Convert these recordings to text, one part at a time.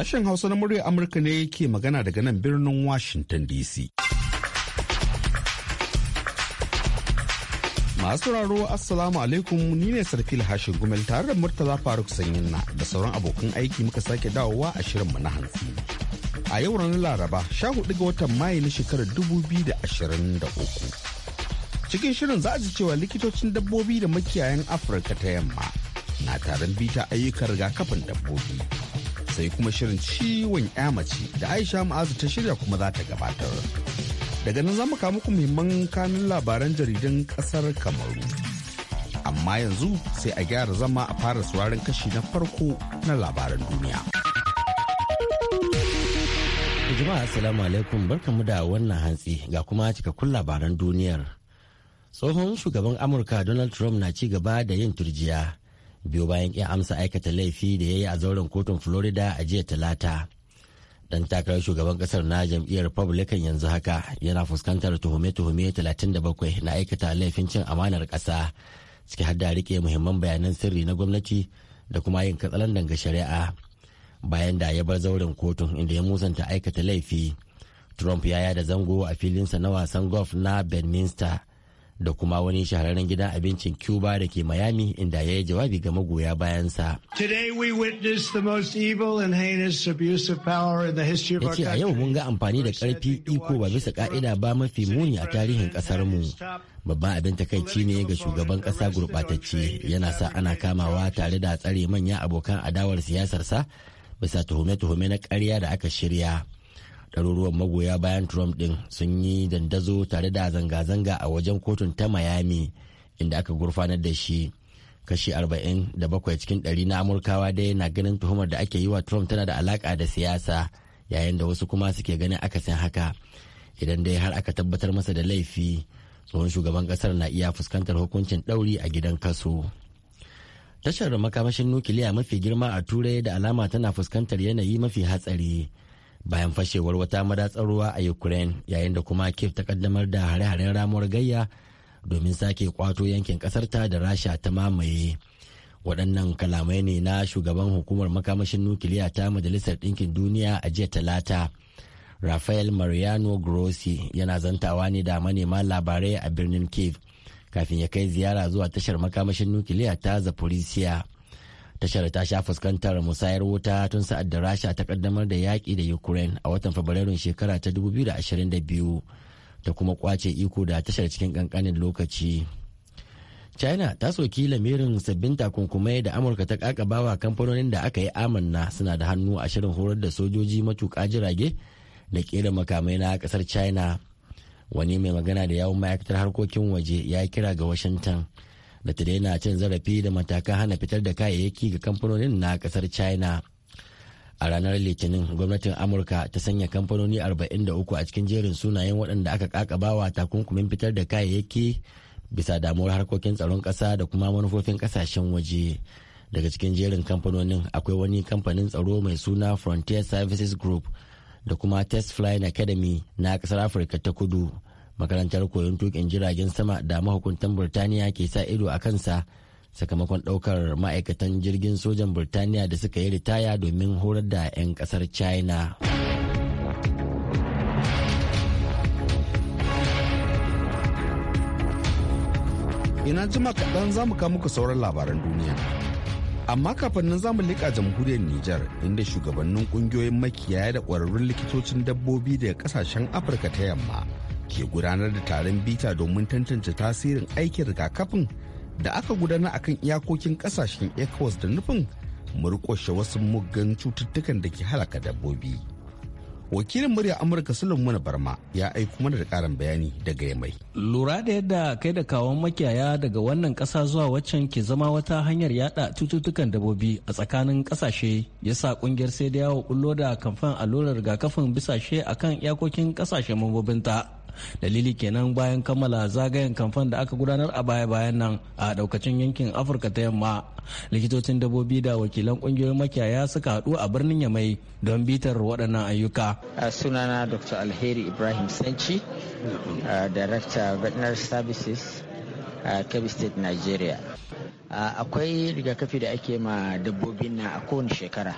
Sashen Hausa na muryar Amurka ne ke magana daga nan birnin Washington DC. Masu raro Assalamu alaikum ni ne Sarfil Hashin Gumel tare da Murtala Faruk Sanyinna da sauran abokan aiki muka sake dawowa a shirinmu na hantsi. A yau ranar Laraba sha 14 ga watan Mayu na shekarar 2023. cikin shirin za a ji cewa likitocin dabbobi da makiyayan afirka ta yamma na taron bita ayyukan rigakafin dabbobi sai kuma shirin ciwon mace da aisha ma'azu ta shirya kuma za ta gabatar daga nan za mu kawo muku muhimman kanun labaran jaridan kasar kamaru amma yanzu sai a gyara zama a fara sauraron kashi na farko na labaran duniya jama'a assalamu alaikum barkamu da wannan hantsi ga kuma cikakkun labaran duniyar tsohon shugaban amurka donald trump na ci gaba da yin turjiya biyo bayan iya amsa aikata laifi da ya yi a zauren kotun florida a jiya talata dan takarar shugaban kasar na jam'iyyar republican yanzu haka yana fuskantar tuhume-tuhume 37 na aikata laifin cin amanar kasa ciki har da rike muhimman bayanan sirri na gwamnati da kuma yin katsalan ga shari'a bayan da ya bar zauren kotun inda ya musanta aikata laifi trump ya yada zango a filinsa na wasan golf na benminster da kuma wani shahararren gidan abincin cuba da ke miami inda ya yi jawabi ga magoya bayansa ya ce a yau mun ga amfani da karfi iko ba bisa ka'ida ba mafi muni a tarihin mu babban abin takaici ne ga shugaban kasa gurbatacce yana sa ana kamawa tare da tsare manyan abokan adawar siyasarsa bisa tuhume-tuhume na karya da aka shirya ɗaruruwan magoya bayan trump ɗin sun yi dandazo tare da zanga-zanga a wajen kotun ta miami inda aka gurfanar da shi kashi 47 cikin ɗari na amurkawa dai na ganin tuhumar da ake yi wa trump tana da alaka da siyasa yayin da wasu kuma suke ganin akasin haka idan dai har aka tabbatar masa da laifi tsohon shugaban kasar na iya fuskantar hukuncin ɗauri a gidan kaso tashar makamashin nukiliya mafi girma a turai da alama tana fuskantar yanayi mafi hatsari bayan fashewar wata madatsar ruwa a ukraine yayin da kuma kiev ta kaddamar da hare-haren ramuwar gayya domin sake kwato yankin kasarta da rasha ta mamaye waɗannan kalamai ne na shugaban hukumar makamashin nukiliya ta majalisar ɗinkin duniya a jiya talata rafael mariano grossi yana zantawa ne da manema labarai a birnin kif kafin ya kai ziyara zuwa tashar makamashin nukiliya ta zaporizhia tashar ta sha fuskantar musayar wuta tun sa'ad da rasha ta kaddamar da yaƙi da ukraine a watan fabrairun shekara ta 2022 ta kuma kwace iko da tashar cikin kankanin lokaci china ta soki lamirin sabbin takunkumai da amurka ta kakabawa kamfanonin da aka yi amanna suna da hannu a shirin horar da sojoji matuƙa jirage da kera makamai na kasar china wani mai magana da yawon ma'aikatar harkokin waje ya kira ga washington da ta daina cin zarafi da matakan hana fitar da kayayyaki ga kamfanonin na kasar china a ranar litinin gwamnatin amurka ta sanya kamfanoni 43 a cikin jerin sunayen waɗanda aka kakabawa takunkumin fitar da kayayyaki bisa damuwar harkokin tsaron ƙasa da kuma manufofin ƙasashen waje daga cikin jerin kamfanonin akwai wani kamfanin tsaro mai suna frontier services group da kuma test flying academy na ƙasar afirka ta kudu makarantar koyon tukin jiragen sama da mahukuntan burtaniya ke sa ido a kansa sakamakon ɗaukar ma'aikatan jirgin sojan burtaniya da suka yi ritaya domin horar da 'yan kasar china ina jima kaɗan za mu muku sauran labaran duniya amma kafin nan za mu leƙa jamhuriyar nijar inda shugabannin ƙungiyoyin makiyaya da ƙwararrun likitocin dabbobi daga ƙasashen afirka ta yamma ke gudanar da taron bita domin tantance tasirin aikin rigakafin da aka gudanar akan iyakokin kasashen ecowas da nufin murƙushe wasu muggan cututtukan da ke halaka dabbobi wakilin murya amurka sulaiman barma ya aiko mana da karin bayani daga yamai lura da yadda kai da kawon makiyaya daga wannan kasa zuwa waccan ke zama wata hanyar yada cututtukan dabbobi a tsakanin kasashe ya sa kungiyar sai da yawo bullo da kamfan allurar rigakafin bisashe akan iyakokin ƙasashen mambobinta dalili kenan bayan kammala zagayen kamfan da aka gudanar a baya-bayan nan a daukacin yankin afirka ta yamma likitocin dabbobi da wakilan kungiyoyin makiyaya suka haɗu a birnin yamai don bitar waɗannan ayyuka sunana dr alheri ibrahim sanci director veterinary services a kebbi state nigeria akwai rigakafi da ake ma dabbobin na a kowane shekara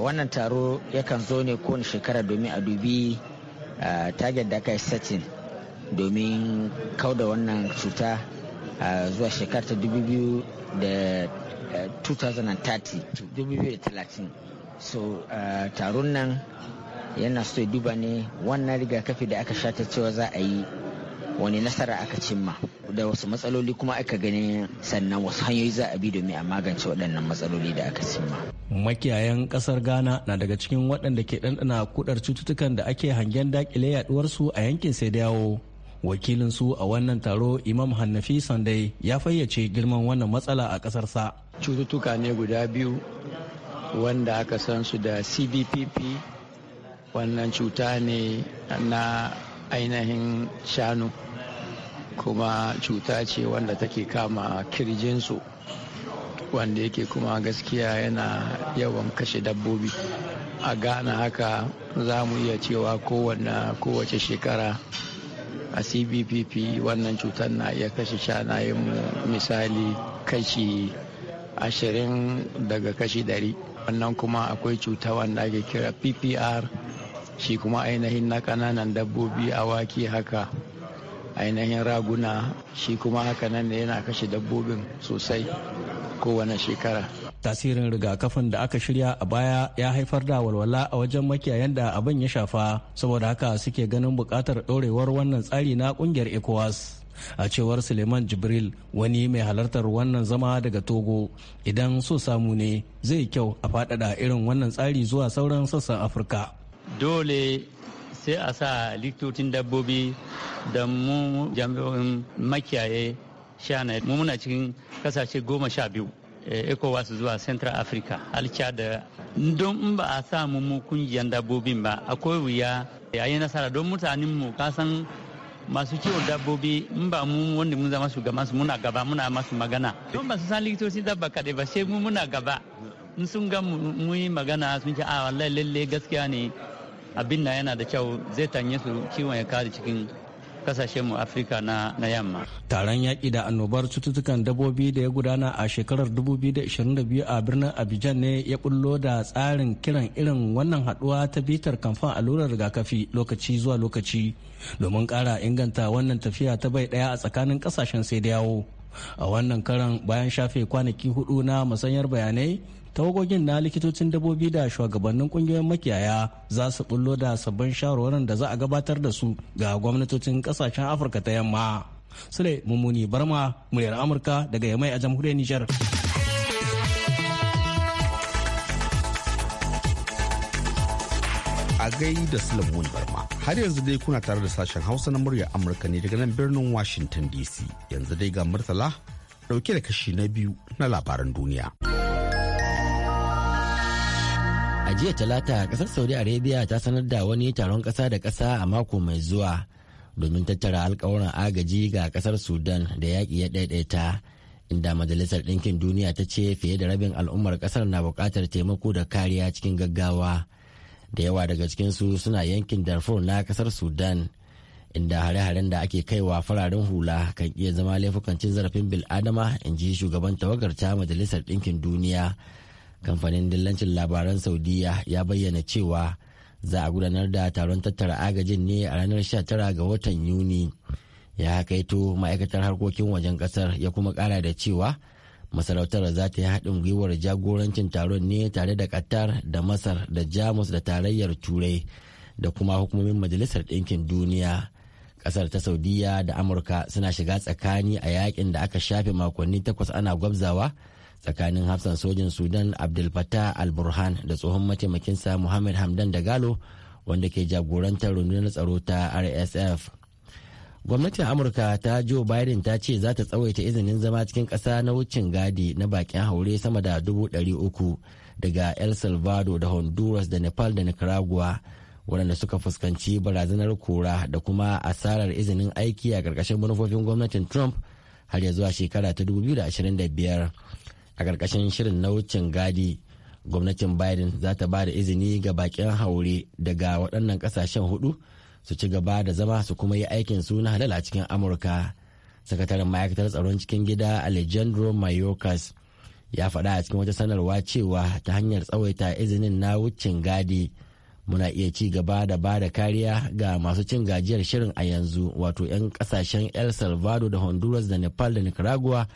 wannan taro yakan zo ne kowane shekara domin a dubi target da aka yi setting domin kauda wannan cuta zuwa shekara ta 2030 so taron nan yana so duba ne wannan rigakafi da aka sha ta cewa za a yi wani nasara aka cimma da wasu matsaloli kuma aka gani sannan wasu hanyoyi za a bi domin a magance waɗannan matsaloli da aka cimma. makiyayan kasar ghana na daga cikin waɗanda ke ɗanɗana kudar cututtukan da ake hangen dakile yaduwarsu a yankin sai dawo wakilin su a wannan taro imam hannafi sandai ya fayyace girman wannan matsala a ƙasarsa cututtuka ne guda biyu wanda aka san su da cbpp wannan cuta ne na ainihin shanu kuma cuta ce wanda take kama kirjinsu wanda yake kuma gaskiya yana yawan kashe dabbobi a ghana haka za mu iya cewa kowanne kowace shekara a cbpp wannan cutar na iya kashe shanayen misali kashi ashirin daga kashi dari wannan kuma akwai cuta wanda ake kira ppr shi kuma ainihin na kananan dabbobi awaki haka ainihin raguna shi kuma haka nan ne yana kashe dabbobin sosai kowane shekara tasirin rigakafin da aka shirya a baya ya haifar da walwala a wajen makiyayan da abin ya shafa saboda haka suke ganin bukatar ɗorewar wannan tsari na kungiyar ecowas a cewar suleiman jibril wani mai halartar wannan zama daga togo idan so samu ne zai kyau a faɗaɗa irin wannan tsari zuwa sauran sassan afirka dole sai a sa likitocin dabbobi da mu jami'o'in makiyaye shana mu muna cikin kasashe goma sha biyu eh, ecowas zuwa central africa alca da don in ba a samu mu kungiyar dabbobin ba akwai wuya yayin nasara don mutanen mu kasan masu kiwon dabbobi in ba mu wanda mun zama shugaban su muna gaba muna masu magana don ba su san likitoci dabba kaɗai ba sai mu muna gaba in sun ga mu yi magana sun ce a ah, wallahi lalle gaskiya ne abin na yana da kyau zai tanye su ciwon ya kare cikin kasashen mu afirka na, yamma taron yaƙi da annobar cututtukan dabbobi da ya gudana a shekarar 2022 a birnin abidjan ne ya bullo da tsarin kiran irin wannan haɗuwa ta bitar kamfan allurar rigakafi lokaci zuwa lokaci domin ƙara inganta wannan tafiya ta bai ɗaya a tsakanin ƙasashen sai da yawo a wannan karan bayan shafe kwanaki hudu na masanyar bayanai tawagogin na likitocin dabbobi da shugabannin kungiyoyin makiyaya za su bullo da sabbin shawarwaran da za a gabatar da su ga gwamnatocin kasashen afirka ta yamma sule mummuni barma muryar amurka daga yamai a jamhuriyar nijar a gai da sulamun Barma. Har yanzu dai kuna tare da sashen Hausa na muryar Amurka ne daga nan birnin Washington DC. Yanzu dai ga Murtala dauke da kashi na biyu na labaran duniya. a jiya talata kasar saudi arabia ta sanar da wani taron kasa da kasa a mako mai zuwa domin tattara alkawuran agaji ga kasar sudan da yaƙi ya ɗaiɗaita inda majalisar ɗinkin duniya ta ce fiye da rabin al'ummar kasar na buƙatar taimako da kariya cikin gaggawa da yawa daga cikinsu suna yankin darfur na kasar sudan inda hare-haren da ake kaiwa fararen hula kan iya zama laifukan cin zarafin bil'adama in ji shugaban tawagar ta majalisar ɗinkin duniya kamfanin dillancin labaran saudiya ya bayyana cewa za a gudanar da taron tattara agajin ne a ranar 19 ga watan yuni ya kaito ma'aikatar harkokin wajen kasar ya kuma kara da cewa masarautar za ta yi haɗin gwiwar jagorancin taron ne tare da qatar da masar da jamus da tarayyar turai da kuma hukumomin majalisar ɗinkin duniya ƙasar ta saudiya da amurka suna shiga tsakani a yakin da aka shafe makonni takwas ana gwabzawa tsakanin hafsan sojin sudan abdul fattah al-burhan da tsohon mataimakinsa muhammad hamdan da galo wanda ke jagorantar rundunar tsaro ta rsf gwamnatin amurka ta joe biden ta ce za ta tsawaita izinin zama cikin ƙasa na wucin gadi na bakin haure sama da dubu ɗari uku daga el salvador da honduras da nepal da nicaragua waɗanda suka fuskanci barazanar kura da kuma asarar izinin aiki a ƙarƙashin manufofin gwamnatin trump har ya zuwa shekara ta 2025 a ƙarƙashin shirin na wucin gadi gwamnatin biden za ta ba da izini ga bakin haure daga waɗannan ƙasashen hudu su ci gaba da zama su kuma yi aikin su na halal a cikin amurka sakataren ma'aikatar tsaron cikin gida alejandro mayorkas ya faɗa a cikin wata sanarwa cewa ta hanyar tsawaita izinin na wucin gadi muna iya ci gaba da ba da kariya ga masu cin gajiyar shirin a yanzu wato 'yan kasashen el salvador da honduras da nepal da nicaragua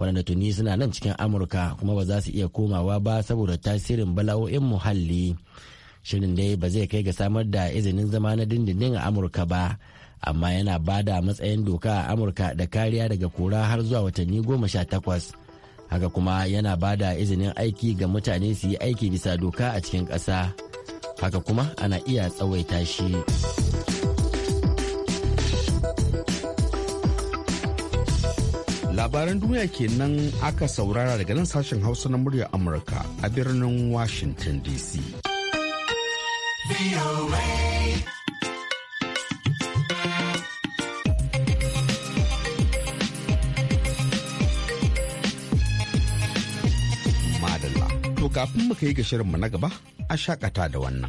waɗanda tuni suna nan cikin amurka kuma ba za su iya komawa ba saboda tasirin bala'o'in muhalli shirin dai ba zai kai ga samar da izinin zama na dindindin a amurka ba amma yana ba da matsayin doka a amurka da kariya daga kura har zuwa watanni goma sha takwas haka kuma yana ba da izinin aiki ga mutane su yi aiki bisa doka a cikin ƙasa haka kuma ana iya tsawaita shi. labaran duniya kenan aka saurara daga nan sashen hausa na muryar amurka a birnin washington dc madalla to kafin muka yi ga shirinmu na gaba a shakata da wannan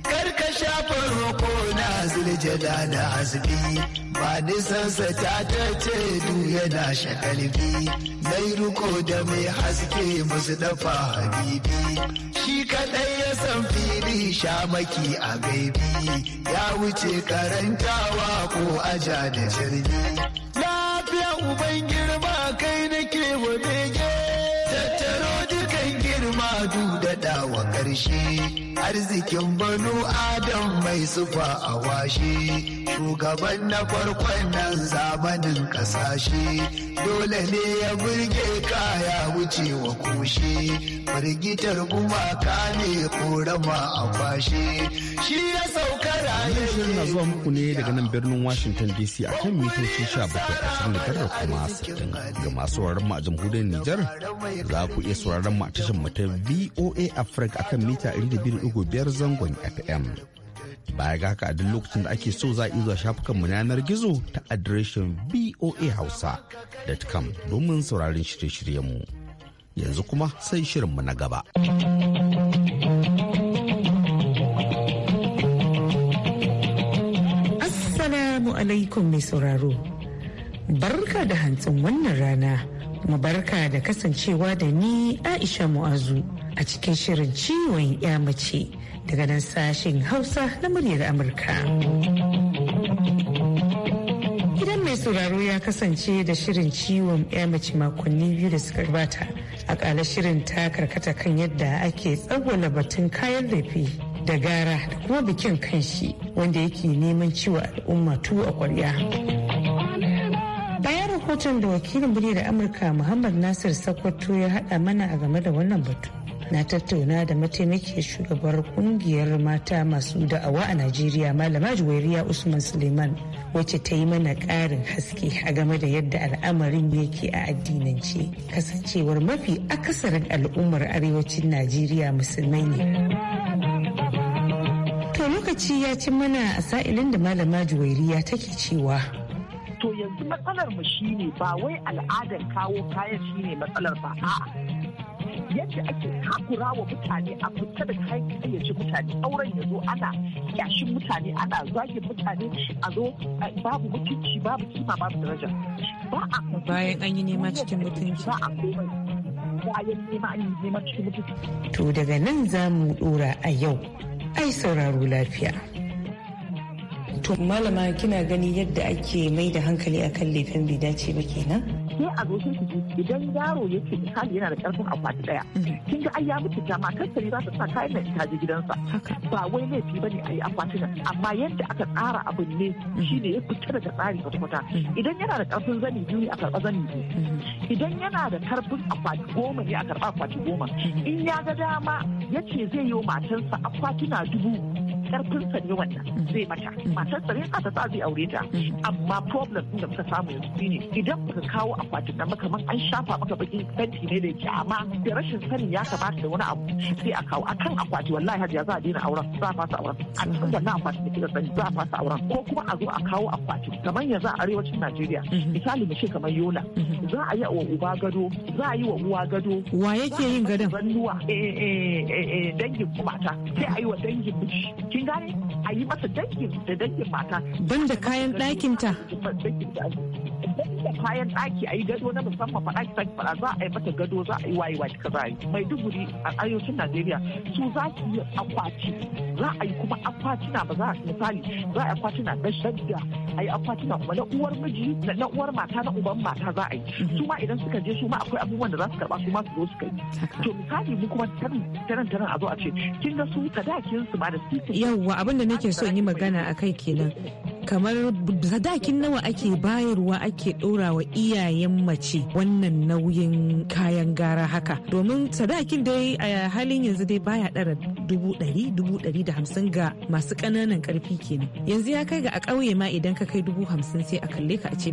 shafin roko na ziljada da hasbi ba nisan ta ta tace du yana shakalbi mai ruko da mai haske musu dafa habibi shi kadai ya san fili sha maki a gaibi ya wuce karantawa ko aja da jirgi lafiya uban girma kai nake wa bege tattaro dukan girma du da dawa karshe arzikin banu adam mai sufa a washe shugaban na farkon nan zamanin kasashe dole ne ya burge kaya wuce wa kushe firgitar gumaka ne korama a kwashe shi ya sauka rayu shirin na zuwa muku ne daga nan birnin washington dc a kan mitoci 17 da kuma 60 ga masu wararren mu a jamhuriyar nijar za ku iya sauraron mu a tashin mu ta voa africa akan mita 22 biyar zangon FM. Baya ga haka a duk lokacin da ake so za a zuwa shafukanmu na yanar gizo ta adireshin voahausa.com domin saurarin shirye-shiryenmu. Yanzu kuma sai shirinmu na gaba. Assalamu alaikum mai sauraro. Barka da hantsin wannan rana, kuma barka da kasancewa da ni Aisha Mu'azu. a cikin shirin ciwon ya mace daga nan sashen hausa na muryar amurka idan mai sauraro ya kasance da shirin ciwon ya mace makonni biyu da suka gabata A kala shirin ta karkata kan yadda ake tsawwala batun kayan laifi da gara da kuma bikin kanshi wanda yake neman ciwo al'umma tu a kwarya. bayan rahoton da wakilin birni da amurka muhammad nasir sakwato ya haɗa mana a game da wannan batu na tattauna da mataimakiyar shugabar kungiyar mata masu da'awa a najeriya malama juwairiya usman suleiman wacce ta yi mana ƙarin haske a game da yadda al'amarin yake a addinance kasancewar mafi akasarin al'ummar arewacin najeriya musulmai ne to lokaci ya ci mana a sa'ilin da malama juwairiya take cewa to yanzu matsalar mu shine ba wai al'adar kawo kayan shine matsalar ba a'a yadda ake takura wa mutane a fita da kayan kayyace mutane auren ya zo ana yashin mutane ana zagin mutane a zo babu mutunci babu kima babu daraja ba a bayan an yi nema cikin mutunci ba a bayan nema an yi nema cikin mutunci to daga nan za mu dora a yau ai sauraro lafiya to malama kina gani yadda ake mai da hankali akan laifin bai dace ba kenan sai a zo shi idan yaro ya ce misali yana da karfin akwati daya mm. kin ga ai ya mutu ta matar sa za ta sa kayan nan ta je gidansa ba wai laifi bane a yi akwati nan amma yadda aka tsara abin ne mm. shine ya fita daga tsari kwata mm. idan yana da karfin zani biyu a karɓa zani biyu idan yana da karfin akwati goma ne a karɓa akwati goma in ya ga dama ya ce zai yi wa matarsa akwatuna dubu karfin sanya wannan zai mata matar sa ne aka sa zai aure ta amma problem din da muka samu yanzu shine idan muka kawo akwatin da man an shafa maka baki fenti ne da yake amma da rashin sanin ya kamata da wani abu sai a kawo akan akwati wallahi hajiya za a daina auren za a fasa auren a cikin wannan akwatin da kika sani za a fasa auren ko kuma a zo a kawo akwatin kamar yanzu a arewacin Najeriya misali mu ce kamar Yola za a yi wa uba gado za a yi wa uwa gado wa yake yin gadon zannuwa eh eh, eh eh eh dangin mata sai a yi wa dangin miji kin gane a yi masa dangin da dangin mata banda kayan ɗakin ta da kayan ɗaki a yi gado na musamman faɗa ki sake faɗa za a yi mata gado za a yi waye waye kaza yi maiduguri a arewacin najeriya su za su yi akwati za a yi kuma akwatina ba za a misali za a yi akwatina na shadda a yi akwatuna kuma na uwar miji na uwar mata na uban mata za a yi mhm. su ma idan suka je su ma akwai abubuwan da za su karba su ma su zo su kai to misali mu kuma taran taran a zo a ce kin ga su sadakin su ba da su yawwa abin da nake so in yi magana kai kenan kamar sadakin nawa ake bayarwa ake ɗorawa iyayen mace wannan nauyin kayan gara haka domin sadakin dai a halin yanzu dai baya ɗara dubu ɗari dubu ɗari da hamsin ga masu ƙananan ƙarfi kenan yanzu ya kai ga a ƙauye ma idan ka kai dubu hamsin sai a kalle ka a ce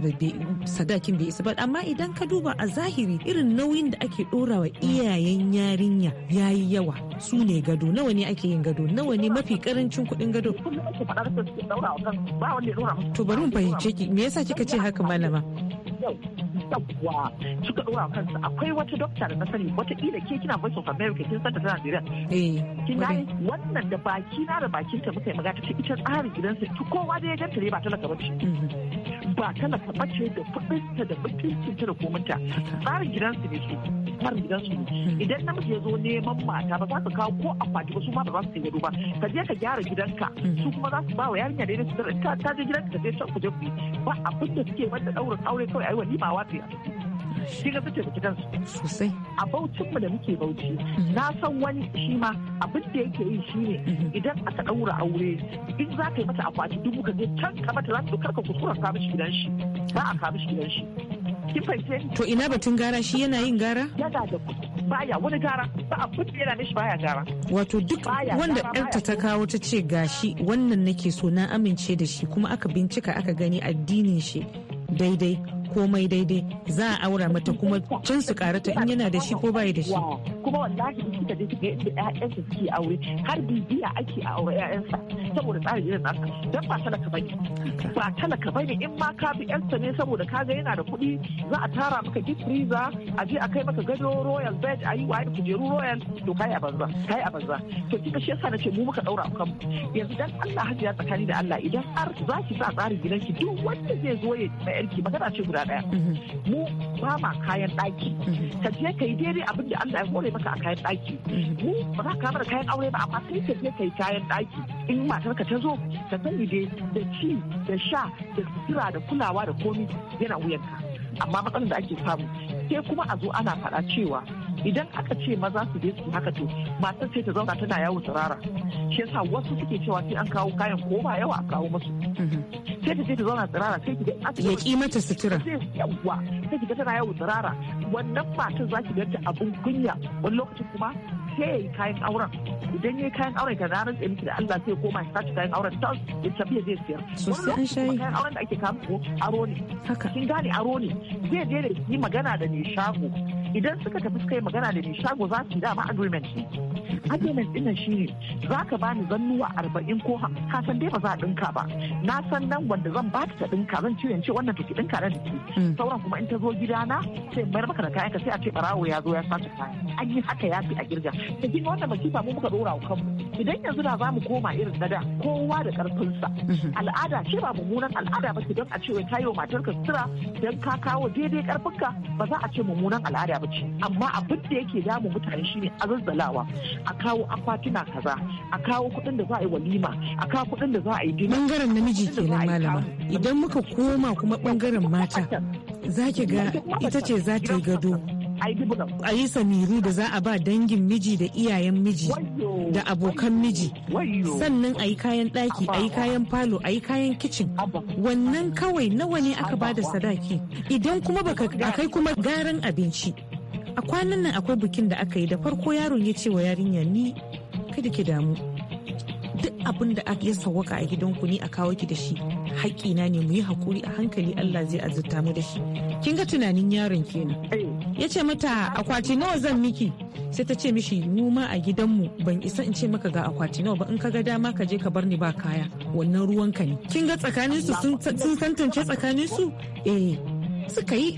sadakin bai isa ba amma idan ka duba a zahiri irin nauyin da ake ɗora iyayen yarinya ya yi yawa su ne gado nawa ne ake yin gado nawa ne mafi ƙarancin kuɗin gado to bari mu fahimce ki me yasa kika ce haka malama yawwa suka akwai wata dokta da na sani ila ke kina voice of america kin san ta tana jira eh, kin wannan da baki na da bakin ta muka yi magana ta ce ita tsarin gidansu kowa da ya ganta ne ba talaka ba ce mhm. ba talaka bace da ta da mutuncin ta da komanta tsarin gidansu ne su tsarin gidansu ne idan namiji ya zo neman mata ba za ka kawo ko akwati ba su ma ba za su yi gado ba ka je ka gyara gidanka su kuma za su ba wa yarinya da su ta je gidanka ka je can ku je ku ba abin da suke wanda ɗaurin aure kawai ayi walimawa ta yi shi ga suke da gidansu sosai a baucin mu da muke bauchi mhm. na san wani shi ma abin da yake yi shine mhm. idan aka daura aure in za ka yi mata akwati dubu ka je can ka mata za su ka kusura ka mishi gidan shi ba a ka mishi gidan shi kin fahimce to ina batun gara shi yana yin gara yana da baya wani gara ba abin da yana mishi baya gara wato duk wanda ɗanta ta kawo ta ce gashi wannan nake so na amince da shi kuma aka bincika aka gani addinin shi daidai komai daidai za a aura mata kuma can su karata in yana da shi ko bai da shi kuma wallahi su da ƴaƴan su suke aure har bibiya ake a aure sa saboda tsarin irin nasa dan ba talaka bane ba talaka bane in ma ka bi ƴansa ne saboda ka ga yana da kuɗi za a tara maka gift freezer a je a kai maka gado royal bed a yi wa kujeru royal to kai a banza kai a banza to kika shi yasa nace mu muka daura kanmu yanzu dan Allah hajiya tsakani da Allah idan har za ki sa tsarin gidanki duk wanda zai zo ya yarki magana ce guda guda daya mhm. mu ba ma kayan daki mhm. ka je ka yi daidai abin da Allah ya hore maka a kayan daki mhm. mu ba za ka bar kayan aure ba amma sai ka je ka yi kayan daki in matar ka ta zo ta sani dai da ci da sha da sutura da kulawa da komi yana wuyanka amma matsalar da ake samu sai kuma a zo ana faɗa cewa idan aka ce maza su je su haka to matar sai ta zauna tana yawo turara shi yasa wasu suke cewa sai an kawo kayan ko ba yawa a kawo musu mhm. sai ta je ta zauna turara sai ki ga ya ki mata sutura yawa sai ki ga tana yawo turara wannan matar za ki ganta abun kunya wani lokacin kuma sai ya yi kayan auren idan ya yi kayan auren ka ranar tsaye miki da Allah sai koma ya sace kayan auren ta ya tafiya zai siyar wani lokacin kayan auren da ake kawo ko aro ne kin gane aro ne zai je da yi magana da mai shago idan suka tafi suka yi magana da mai shago za su yi dama agreement ne agreement ɗin shi ne za ka bani zannuwa arba'in ko ka san dai ba za a dinka ba na san nan wanda zan ba ta dinka. zan cire ce wannan take dinka na ki hmm. sauran kuma in ta zo gidana sai mayar maka da kayan ka sai a ce barawo ya zo ya sace kayan. an yi haka yafi a girga ta gina wannan masifa mu muka ɗora wa kanmu idan yanzu da za mu koma irin na da kowa da ƙarfinsa hmm. al'ada ce ba mummunan al'ada ba ce don a ce wai kayo matarka sutura don ka kawo daidai ƙarfinka ba za a ce mummunan al'ada ba ce amma abin da yake damu mutane shine azazzalawa a kawo akwatuna kaza a kawo kuɗin da za a yi walima a kawo kuɗin da za a yi dina bangaren namiji kenan malama idan muka koma kuma bangaren mata za ki ga ita ce za ta yi gado a yi samiru da za a ba dangin miji da iyayen miji da abokan miji sannan a yi kayan ɗaki a yi kayan falo a yi kayan kicin wannan kawai nawa ne aka ba da sadaki idan kuma baka kai kuma garin abinci a kwanan nan akwai bikin da aka yi da farko yaron ya ce wa yarinya ni kada ki damu duk abin da ya sawwaka a gidanku ni a kawo ki da shi haƙƙina ne mu yi haƙuri a hankali Allah zai azurta mu da shi kin ga tunanin yaron kenan ya ce mata akwati nawa zan miki sai ta ce mishi mu ma a gidanmu ban isa in ce maka ga akwati nawa ba in ka ga dama ka je ka bar ni ba kaya wannan ruwanka ne kin ga tsakanin su sun tantance tsakanin su eh suka yi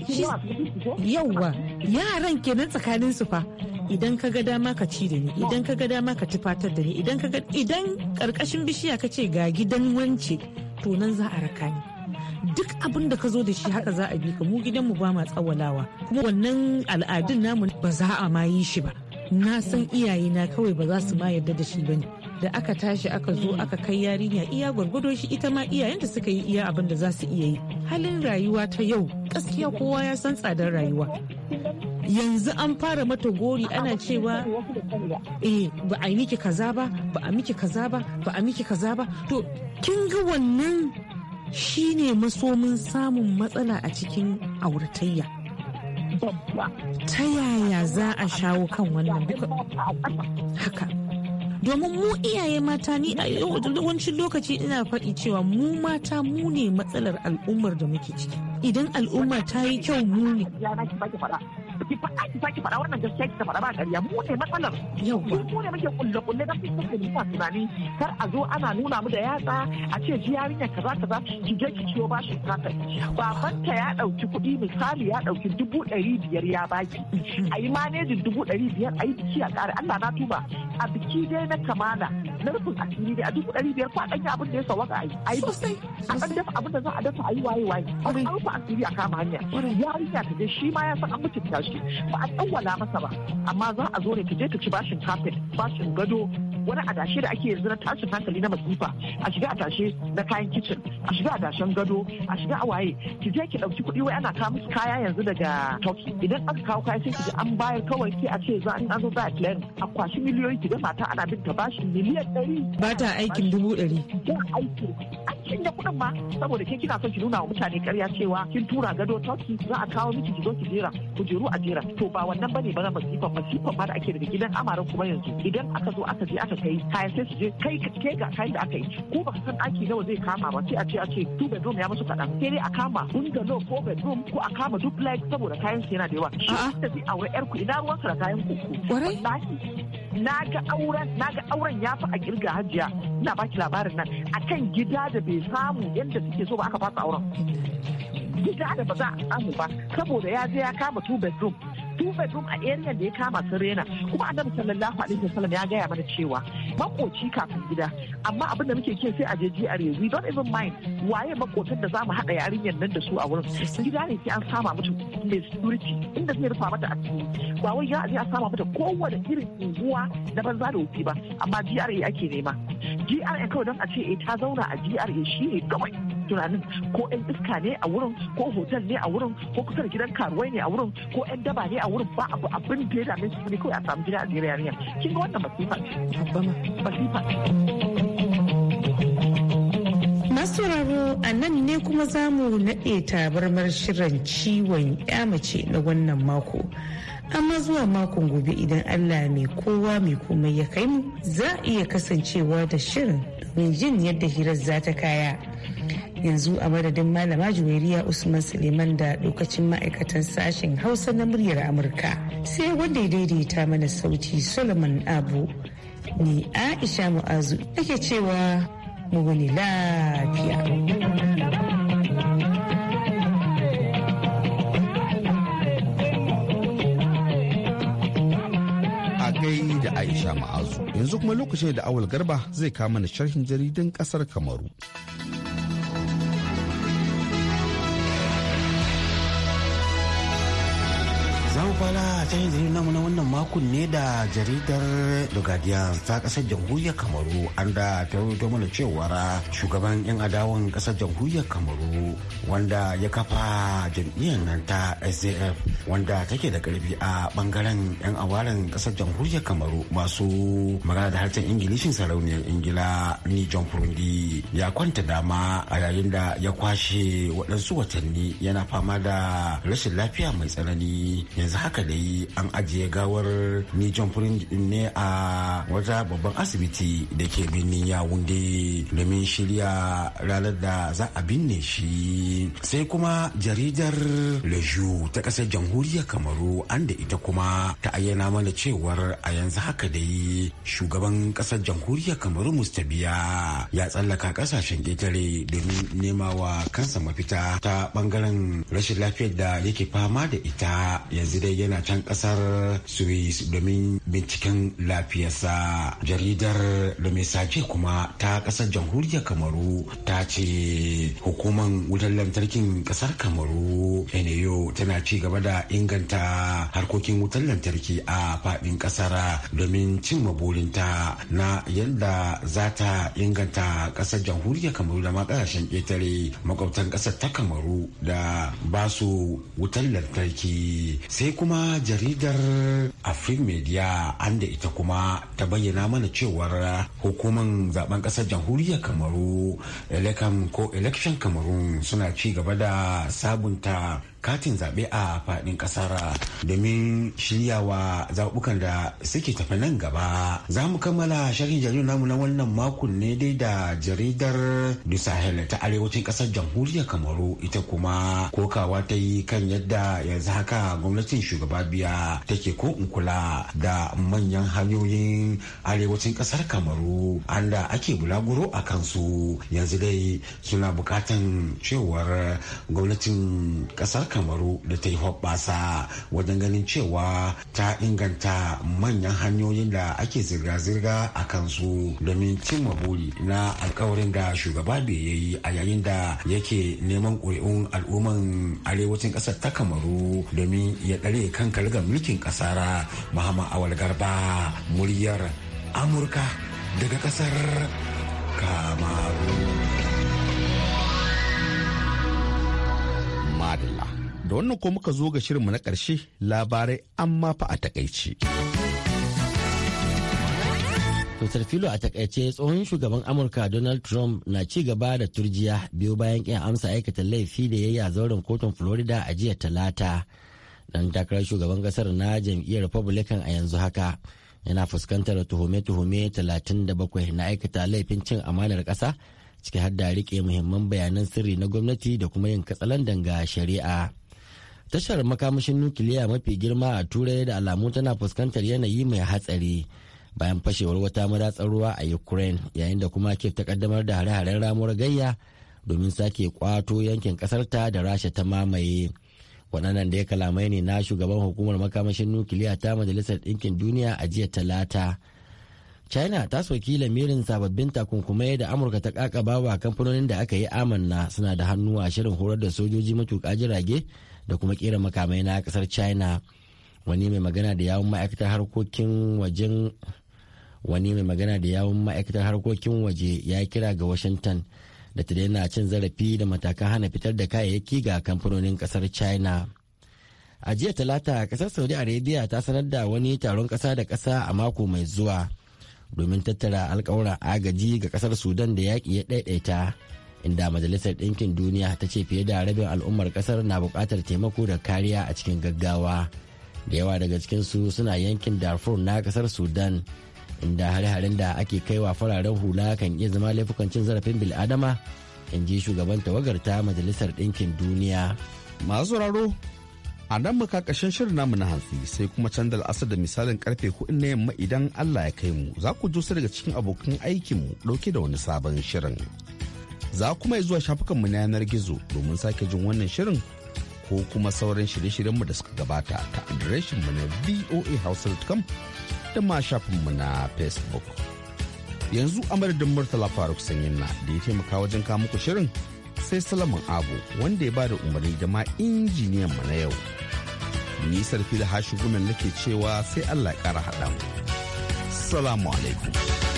yauwa yaran kenan tsakanin su fa idan ka ga dama ka ci da ni idan ka ga dama ka tufatar da ni idan ka idan karkashin bishiya ka ce ga gidan wance to nan za a raka ni duk abin da ka zo da shi haka za a bi ka mu gidan mu ba ma tsawalawa kuma wannan al'adun namu ba za a ma yi shi ba na san iyayena kawai ba za su ma yarda da shi ba ne. da aka tashi aka zo aka kai yarinya iya gwargwado shi ita ma iyayenta suka yi iya abin da za su iya yi halin rayuwa ta yau gaskiya kowa ya san tsadar rayuwa yanzu an fara mata gori ana cewa eh ba a yi miki kaza ba ba a miki kaza ba ba a miki kaza ba to kin ga wannan shine masomin samun matsala a cikin auratayya ta yaya za a shawo kan wannan haka domin mu iyaye mata ni a yawancin lokaci ina faɗi cewa mu mata mu ne matsalar al'ummar da muke ciki idan al'umma ta yi kyau mu ne ki faɗa ki sake faɗa wannan gaskiya ki faɗa ba ƙarya mu ne matsalar mu ne muke kulle kulle dan fitar da nisa tunani kar a zo ana nuna mu da yatsa a ce ji yarinya kaza kaza ki je ki ciyo bashi kafin babanta ya ɗauki kuɗi misali ya ɗauki dubu ɗari biyar ya baki a yi manejin dubu ɗari biyar a yi biki a ƙara Allah na tuba a biki dai na kamala na rufin asiri ne a dubu ɗari biyar kwa a abin da ya sawaka a yi a yi a ɗan dafa abin da za a dafa a yi waye waye a rufe asiri a kama hanya yarinya ta je shi ma ya san an mutunta shi ba a tsawwala masa ba amma za a zo ne ka je ka ci bashin kafin bashin gado wani adashe da ake yanzu na tashin hankali na masifa a shiga adashe na kayan kicin a shiga adashen gado a shiga a waye ki je ki ɗauki kuɗi wai ana kawo musu kaya yanzu daga turkey idan aka kawo kaya sai ki ji an bayar kawai sai a ce za an zo za a claim a kwashi miliyoyi ki ga mata ana bin ta bashi miliyan ɗari. ba ta aikin dubu ɗari. ba aiki an cinye kuɗin ma saboda ke kina son ki nuna wa mutane karya cewa kin tura gado Toki za a kawo miki ki zo ki jera ku jeru a jera to ba wannan bane ba na masifan masifan ma da ake daga gidan amaran kuma yanzu idan aka zo aka je aka aka kai yi sai su je kai ke ga kayan da aka yi ko ba san aiki nawa zai kama ba sai a ce a ce two bedroom ya musu kaɗan sai dai a kama bungalow ko bedroom ko a kama duplex saboda kayan su yana da yawa shi da zai aure yar ku ina ruwan da kayan ku na ga auren na ga auren ya fi a kirga hajiya ina baki labarin nan akan gida da bai samu yadda suke so ba aka fasa auren gida da ba za a samu ba saboda ya je ya kama two bedroom duba bedroom a area da ya kama su rena kuma annabi sallallahu alaihi wasallam ya gaya mana cewa makoci kafin gida amma abin da muke ke sai a je GRA we don't even mind waye makotan da zamu haɗa yarinyar nan da su a wurin gida ne sai an sama mata mai security inda zai rufa mata asiri ba wai ya je a sama mata kowane irin unguwa na banza da wufi ba amma GRA ake nema GRA kawai don a ce eh, ta zauna a GRA shi ne kawai tunanin ko 'yan iska ne a wurin ko hotel ne a wurin ko kusa da gidan karuwai ne a wurin ko 'yan daba ne a wurin ba abu abin da ya dame su ne kawai a samu gida a jere yarinya kin ga wannan masifa masifa masauraro a nan ne kuma za mu naɗe tabarmar shirin ciwon mace na wannan mako amma zuwa makon gobe idan allah mai kowa mai komai ya kai mu za a iya kasancewa da shirin domin jin yadda hirar za ta kaya yanzu a madadin malama juwairiya usman suleiman da lokacin ma'aikatan sashen hausa na muryar amurka sai wanda ya daidaita mana sauti solomon abu ni aisha mu'azu ake cewa mu wani lafiya da Aisha Ma'azu. Yanzu kuma lokacin da awal garba zai kama na sharhin jaridan kasar Kamaru. kwana ta yin namu na wannan makon ne da jaridar The Guardian ta kasar jamhuriyar Kamaru an da ta rubuta mana cewa shugaban yan adawan kasar jamhuriyar Kamaru wanda ya kafa jam'iyyar nan ta sdf wanda take da karfi a bangaren yan awaren kasar jamhuriyar Kamaru masu magana da harshen Ingilishin sarauniyar Ingila ni John Furundi ya kwanta dama a yayin da ya kwashe waɗansu watanni yana fama da rashin lafiya mai tsanani yanzu haka haka dai an ajiye gawar ni furin ne a wata babban asibiti da ke birnin yawunde domin shirya ranar da za a binne shi sai kuma jaridar leju ta kasar jamhuriyar kamaru an da ita kuma ta ayyana mana cewar a yanzu haka dai shugaban kasar jamhuriyar kamaru mustabiya ya tsallaka kasashen ketare domin nema wa kansa mafita ta bangaren rashin lafiyar da yake fama da ita yanzu dai yana can kasar Swiss domin binciken lafiyarsa. Jaridar Lumisaje kuma ta kasar jamhuriyar Kamaru ta ce hukuman wutar lantarkin kasar Kamaru Eneyo tana ci gaba da inganta harkokin wutar lantarki a faɗin kasar domin cin maburinta na yadda za ta inganta kasar jamhuriyar Kamaru da ma kasashen ƙetare makwabtan kasar ta Kamaru da ba su wutar lantarki sai kuma kuma jaridar afrik media an da ita kuma ta bayyana mana cewar hukuman zaben kasar jamhuriyar kamaru ko election kamaru suna ci gaba da sabunta katin zaɓe a faɗin ƙasar domin shiryawa zaɓukan da suke tafi nan gaba. Za mu kammala sharhin jaridar namu na wannan makon ne dai da jaridar Du ta arewacin ƙasar jamhuriyar Kamaru ita kuma kokawa ta yi kan yadda yanzu haka gwamnatin shugaba biya take ko in kula da manyan hanyoyin arewacin ƙasar Kamaru anda ake bulaguro a kansu yanzu dai suna buƙatan cewar gwamnatin ƙasar kamaru da ta yi hoɓɓasa wajen ganin cewa ta inganta manyan hanyoyin da ake zirga-zirga a kansu domin cimma buri na alkawarin da shugaba bai yi a yayin da yake neman ƙuri'un al'umman arewacin ƙasar ta kamaru domin ya ɗare kan kalgar mulkin ƙasar muhammad awal garba muryar amurka daga ƙasar kamaru da wannan ko muka zo ga shirinmu na ƙarshe labarai amma fa a takaice. Dr. Filo a takaice tsohon shugaban Amurka Donald Trump na ci gaba da turjiya biyu bayan ƙin amsa aikata laifi da ya a zauren kotun Florida a jiya talata. Dan takarar shugaban kasar na jam'iyyar Republican a yanzu haka yana fuskantar tuhume-tuhume 37 na aikata laifin cin amanar ƙasa ciki har da rike muhimman bayanan sirri na gwamnati da kuma yin katsalandan ga shari'a. tashar makamashin nukiliya mafi girma a turai da alamu tana fuskantar yanayi mai hatsari bayan fashewar wata madatsar ruwa a ukraine yayin da kuma kif ta kaddamar da hare-haren ramuwar gayya domin sake kwato yankin kasarta da rasha ta mamaye waɗannan da ya kalamai ne na shugaban hukumar makamashin nukiliya ta majalisar ɗinkin duniya a jiya talata china ta soki lamirin sababbin takunkumai da amurka ta kakabawa kamfanonin da aka yi amanna suna da hannu a shirin horar da sojoji matuƙa jirage da kuma kera makamai na kasar china wani mai magana da yawun ma'aikatar harkokin wajen wani mai magana da yawun ma'aikatar harkokin waje ya kira ga washington da ta daina cin zarafi da matakan hana fitar da kayayyaki ga kamfanonin kasar china a jiya talata kasar saudi arabia ta sanar da wani taron kasa da kasa a mako mai zuwa domin tattara alkawuran agaji ga kasar sudan da yaƙi ya ɗaiɗaita inda majalisar ɗinkin duniya ta ce fiye da rabin al'ummar ƙasar na buƙatar taimako da kariya a cikin gaggawa da yawa daga cikinsu suna yankin darfur na ƙasar sudan inda hare-haren da ake kaiwa fararen hula kan iya zama laifukan cin zarafin bil'adama in ji shugaban tawagar ta majalisar ɗinkin duniya masu sauraro a nan muka ƙarshen shirin namu na hantsi sai kuma canza asar da misalin karfe hudu na yamma idan allah ya kai mu za ku ji daga cikin abokan aikinmu ɗauke da wani sabon shirin za kuma zuwa shafukanmu na yanar gizo domin sake jin wannan shirin ko kuma sauran shirye-shiryenmu da suka gabata ta adireshinmu na voahouse.com da ma shafinmu na facebook yanzu a madadin murtala faruk sanyin na da ya taimaka wajen kawo muku shirin sai salamin abu wanda ya bada umarni da ma mu na yau ni sarfi da hashi gumen nake cewa sai allah ya kara haɗa mu salamu alaikum